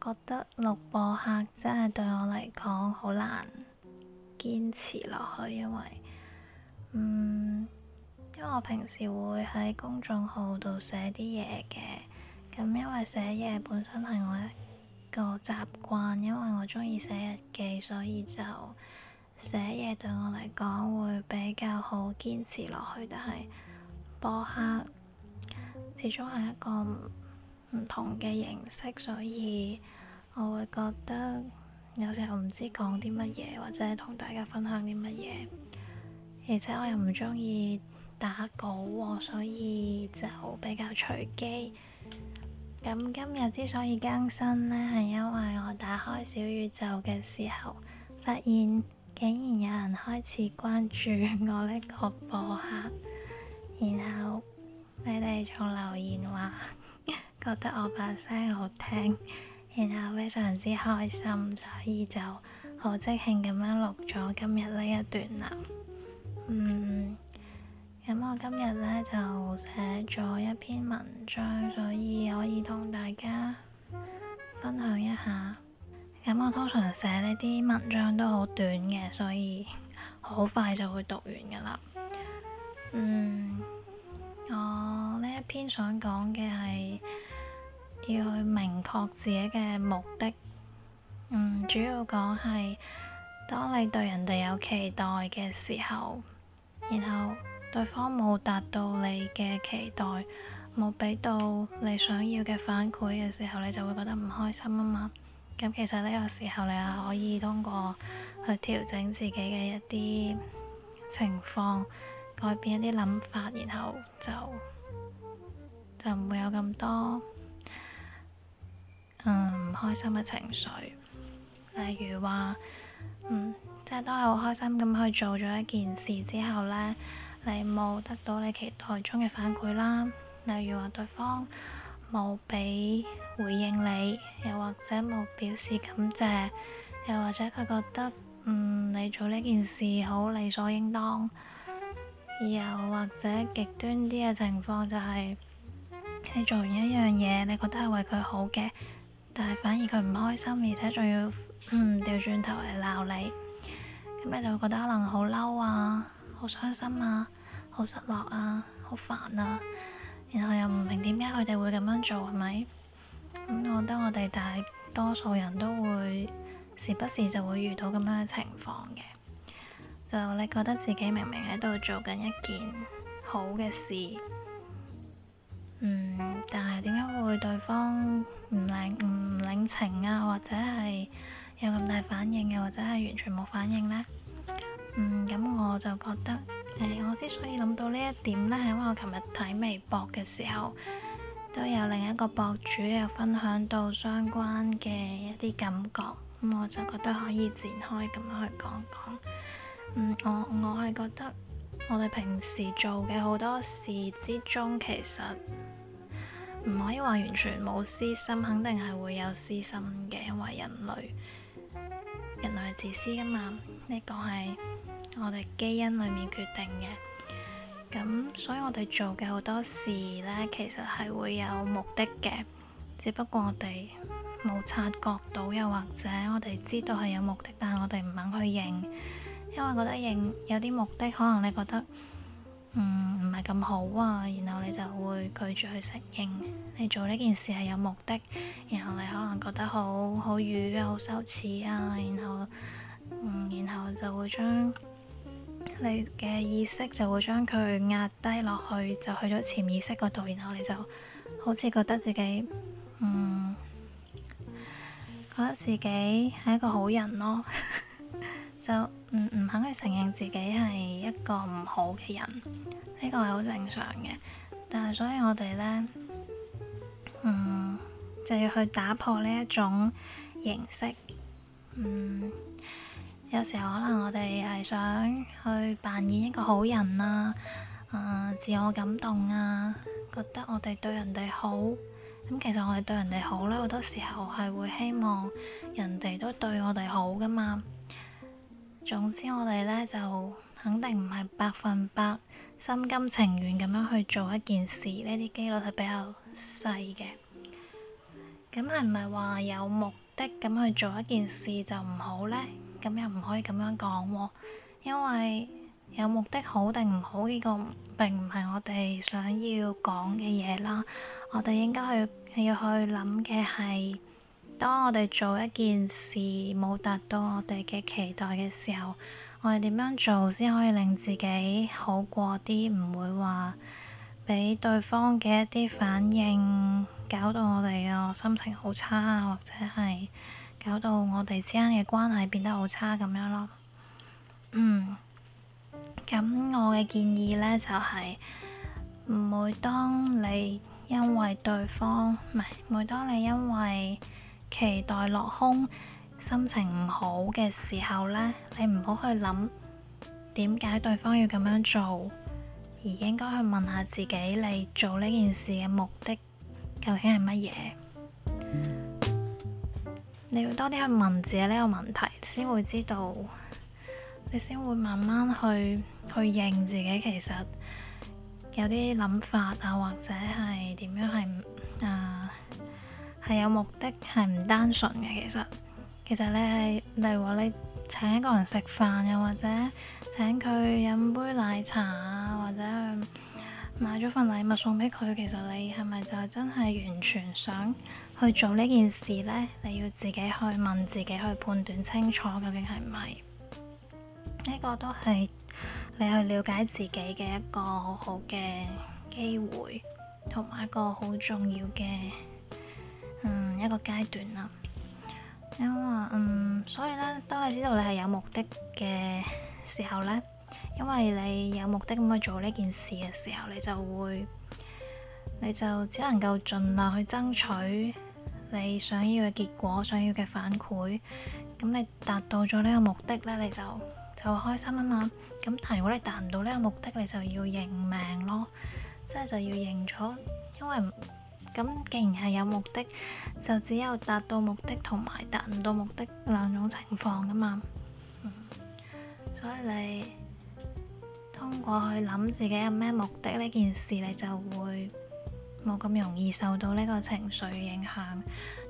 我覺得錄播客真係對我嚟講好難堅持落去，因為，嗯，因為我平時會喺公眾號度寫啲嘢嘅，咁因為寫嘢本身係我一個習慣，因為我中意寫日記，所以就寫嘢對我嚟講會比較好堅持落去，但係播客始終係一個唔同嘅形式，所以我會覺得有時候唔知講啲乜嘢，或者同大家分享啲乜嘢。而且我又唔中意打稿喎，所以就比較隨機。咁今日之所以更新呢，係因為我打開小宇宙嘅時候，發現竟然有人開始關注我呢個播客，然後你哋仲留言話。覺得我把聲好聽，然後非常之開心，所以就好即興咁樣錄咗今日呢一段啦。嗯，咁我今日呢就寫咗一篇文章，所以可以同大家分享一下。咁我通常寫呢啲文章都好短嘅，所以好快就會讀完噶啦。嗯，我呢一篇想講嘅係。要去明確自己嘅目的，嗯，主要講係當你對人哋有期待嘅時候，然後對方冇達到你嘅期待，冇俾到你想要嘅反饋嘅時候，你就會覺得唔開心啊嘛。咁其實呢個時候，你係可以通過去調整自己嘅一啲情況，改變一啲諗法，然後就就唔會有咁多開心嘅情緒，例如話，嗯，即係當你好開心咁去做咗一件事之後呢，你冇得到你期待中嘅反饋啦。例如話對方冇俾回應你，又或者冇表示感謝，又或者佢覺得，嗯，你做呢件事好理所應當，又或者極端啲嘅情況，就係、是、你做完一樣嘢，你覺得係為佢好嘅。但係反而佢唔開心，而且仲要嗯掉轉頭嚟鬧你，咁你就會覺得可能好嬲啊，好傷心啊，好失落啊，好煩啊，然後又唔明點解佢哋會咁樣做係咪？咁我覺得我哋大多數人都會時不時就會遇到咁樣嘅情況嘅，就你覺得自己明明喺度做緊一件好嘅事，嗯，但係點解？會對方唔領唔領情啊，或者係有咁大反應又、啊、或者係完全冇反應呢。嗯，咁我就覺得誒、呃，我之所以諗到呢一點呢係因為我琴日睇微博嘅時候都有另一個博主有分享到相關嘅一啲感覺，咁、嗯、我就覺得可以展開咁樣去講講。嗯，我我係覺得我哋平時做嘅好多事之中，其實～唔可以話完全冇私心，肯定係會有私心嘅，因為人類人類係自私噶嘛，呢個係我哋基因裏面決定嘅。咁所以我哋做嘅好多事呢，其實係會有目的嘅，只不過我哋冇察覺到，又或者我哋知道係有目的，但係我哋唔肯去認，因為覺得認有啲目的，可能你覺得。嗯，唔係咁好啊，然後你就會拒絕去適應。你做呢件事係有目的，然後你可能覺得好好瘀啊，好羞恥啊，然後、嗯、然後就會將你嘅意識就會將佢壓低落去，就去咗潛意識嗰度，然後你就好似覺得自己嗯，覺得自己係一個好人咯， 就唔唔肯去承認自己係一個唔好嘅人。呢個係好正常嘅，但係所以我哋咧，嗯，就要去打破呢一種形式。嗯，有時候可能我哋係想去扮演一個好人啊，啊、呃，自我感動啊，覺得我哋對人哋好。咁其實我哋對人哋好咧，好多時候係會希望人哋都對我哋好㗎嘛。總之我哋咧就肯定唔係百分百。心甘情願咁樣去做一件事呢，呢啲機率係比較細嘅。咁係唔係話有目的咁去做一件事就唔好咧？咁又唔可以咁樣講喎。因為有目的好定唔好呢個並唔係我哋想要講嘅嘢啦。我哋應該去要去諗嘅係，當我哋做一件事冇達到我哋嘅期待嘅時候。我哋點樣做先可以令自己好過啲，唔會話俾對方嘅一啲反應搞到我哋嘅心情好差啊，或者係搞到我哋之間嘅關係變得好差咁樣咯。嗯。咁我嘅建議呢就係、是，每當你因為對方，唔係，每當你因為期待落空，心情唔好嘅時候呢，你唔好去諗點解對方要咁樣做，而應該去問下自己你做呢件事嘅目的究竟係乜嘢？嗯、你要多啲去問自己呢個問題，先會知道，你先會慢慢去去認自己。其實有啲諗法啊，或者係點樣係唔啊，係、呃、有目的，係唔單純嘅。其實。其實你係例如話你請一個人食飯，又或者請佢飲杯奶茶啊，或者去買咗份禮物送俾佢，其實你係咪就真係完全想去做呢件事呢？你要自己去問自己，去判斷清楚究竟係唔係？呢、呢個都係你去了解自己嘅一個好好嘅機會，同埋一個好重要嘅、嗯、一個階段啦。因為嗯，所以咧，當你知道你係有目的嘅時候呢，因為你有目的咁去做呢件事嘅時候，你就會，你就只能夠盡量去爭取你想要嘅結果、想要嘅反饋。咁你達到咗呢個目的呢，你就就開心啊嘛。咁但係如果你達唔到呢個目的，你就要認命咯，即係就要認咗，因為。咁既然係有目的，就只有達到目的同埋達唔到目的兩種情況噶嘛。嗯。所以你通過去諗自己有咩目的呢件事，你就會冇咁容易受到呢個情緒影響，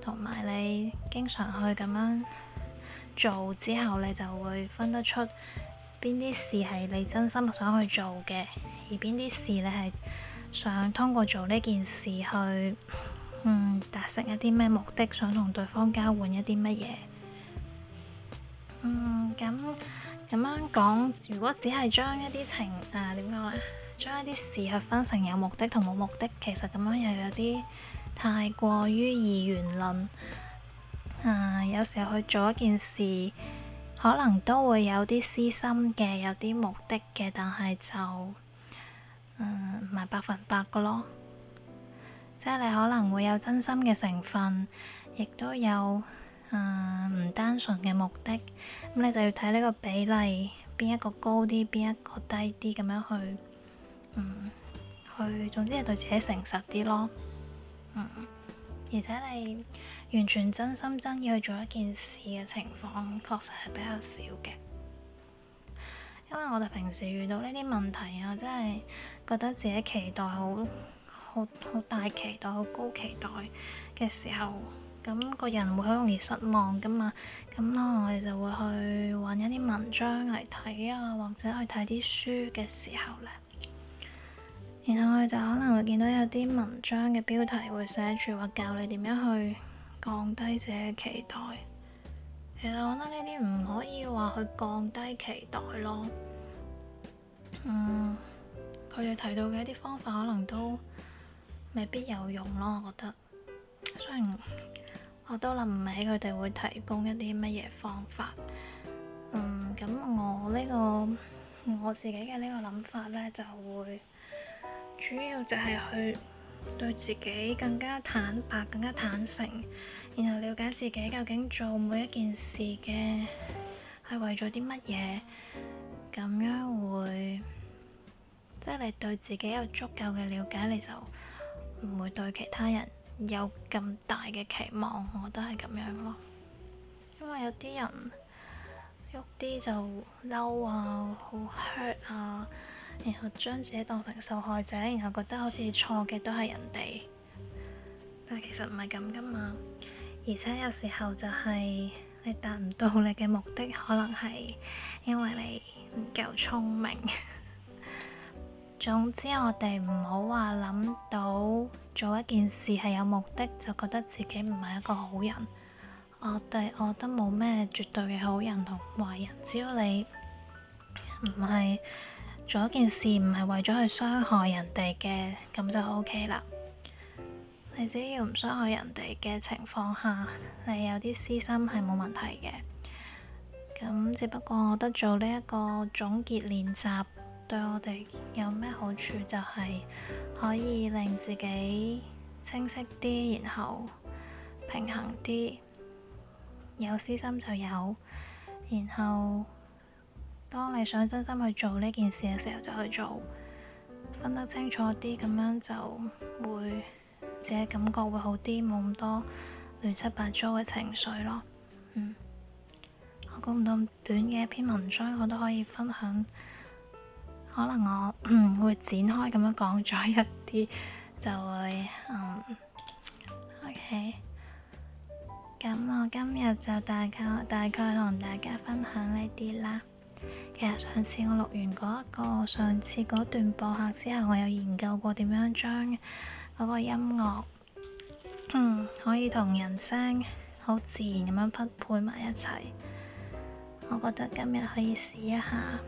同埋你經常去咁樣做之後，你就會分得出邊啲事係你真心想去做嘅，而邊啲事你係。想通過做呢件事去，嗯，達成一啲咩目的，想同對方交換一啲乜嘢。嗯，咁咁樣講，如果只係將一啲情啊，點講咧，將一啲事去分成有目的同冇目的，其實咁樣又有啲太過於二元論。啊，有時候去做一件事，可能都會有啲私心嘅，有啲目的嘅，但係就。唔係、嗯、百分百噶咯。即係你可能會有真心嘅成分，亦都有唔、嗯、單純嘅目的，咁、嗯、你就要睇呢個比例邊一個高啲，邊一個低啲，咁樣去、嗯，去，總之係對自己誠實啲咯、嗯，而且你完全真心真意去做一件事嘅情況，確實係比較少嘅。因為我哋平時遇到呢啲問題啊，真係覺得自己期待好好好大期待、好高期待嘅時候，咁個人會好容易失望噶嘛。咁咯，我哋就會去揾一啲文章嚟睇啊，或者去睇啲書嘅時候咧，然後我哋就可能會見到有啲文章嘅標題會寫住話教你點樣去降低自己嘅期待。其實我覺得呢啲唔可以話去降低期待咯。嗯，佢哋提到嘅一啲方法可能都未必有用咯。我覺得，雖然我都諗唔起佢哋會提供一啲乜嘢方法。嗯，咁我呢個我自己嘅呢個諗法呢，就會主要就係去對自己更加坦白、更加坦誠。然後了解自己究竟做每一件事嘅係為咗啲乜嘢，咁樣會，即係你對自己有足夠嘅了解，你就唔會對其他人有咁大嘅期望。我覺得係咁樣咯，因為有啲人喐啲就嬲啊，好 hurt 啊，然後將自己當成受害者，然後覺得好似錯嘅都係人哋，但係其實唔係咁㗎嘛。而且有時候就係你達唔到你嘅目的，可能係因為你唔夠聰明。 總之我哋唔好話諗到做一件事係有目的，就覺得自己唔係一個好人。我哋我覺得冇咩絕對嘅好人同壞人，只要你唔係做一件事唔係為咗去傷害人哋嘅，咁就 OK 啦。你只要唔傷害人哋嘅情況下，你有啲私心係冇問題嘅。咁只不過我覺得做呢一個總結練習，對我哋有咩好處就係可以令自己清晰啲，然後平衡啲，有私心就有，然後當你想真心去做呢件事嘅時候就去做，分得清楚啲，咁樣就會。自己感覺會好啲，冇咁多亂七八糟嘅情緒咯。嗯，我估唔到咁短嘅一篇文章，我都可以分享。可能我 會展開咁樣講咗一啲，就會嗯。OK，咁我今日就大概大概同大家分享呢啲啦。其實上次我錄完嗰一個，上次嗰段播客之後，我有研究過點樣將。嗰個音樂，嗯，可以同人聲好自然咁樣匹配埋一齊。我覺得今日可以試一下。